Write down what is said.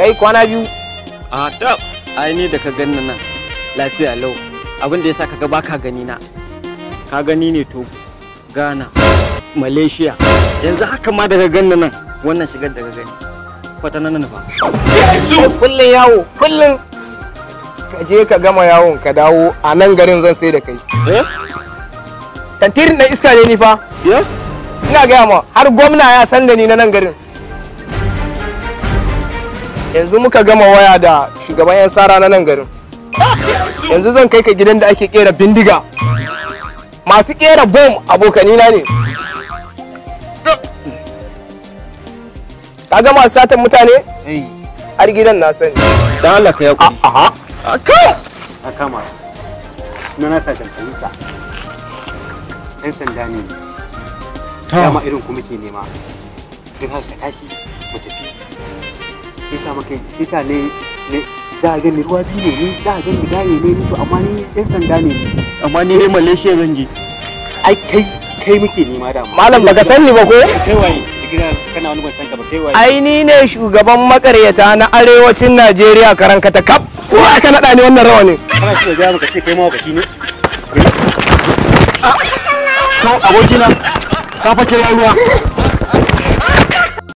kai kwana biyu a tab ai ni da ka gani nan lafiya lau abin da yasa kaga ka gani na ka gani ne to Ghana Malaysia yanzu haka ma daga gani nan wannan shigar daga gani kwata nan fa Yesu kullun yawo kullun ka je ka gama yawon ka dawo a nan garin zan sai da kai eh tantirin dan iska ne ni fa ina gaya ma har gwamna ya san da ni na nan garin yanzu muka gama waya da shugaban 'yan sara na nan garin yanzu zan kai ka gidan da ake kera bindiga masu kera bom abokanina ne kaga masu satan mutane har gidan na sani don Allah ka yaku a kama na na satan fahimta yan sanda ne dama irin kuma ke nema don haka tashi mu tafi sai sa maka sai sa ne za a ni ruwa biyu ne za a ni gane ne ni to amma ni yan sanda ne amma ni ne malaysia zan je ai kai kai muke nema da malam baka ni ba ko kai waye kana wani ban san ka ba kai waye ai ni ne shugaban makaryata na arewacin najeriya karanka ta kap wa aka nada ni wannan rawanin kana so ga maka ce kai ma wakaci ne ah, to abokina ka fa kira ruwa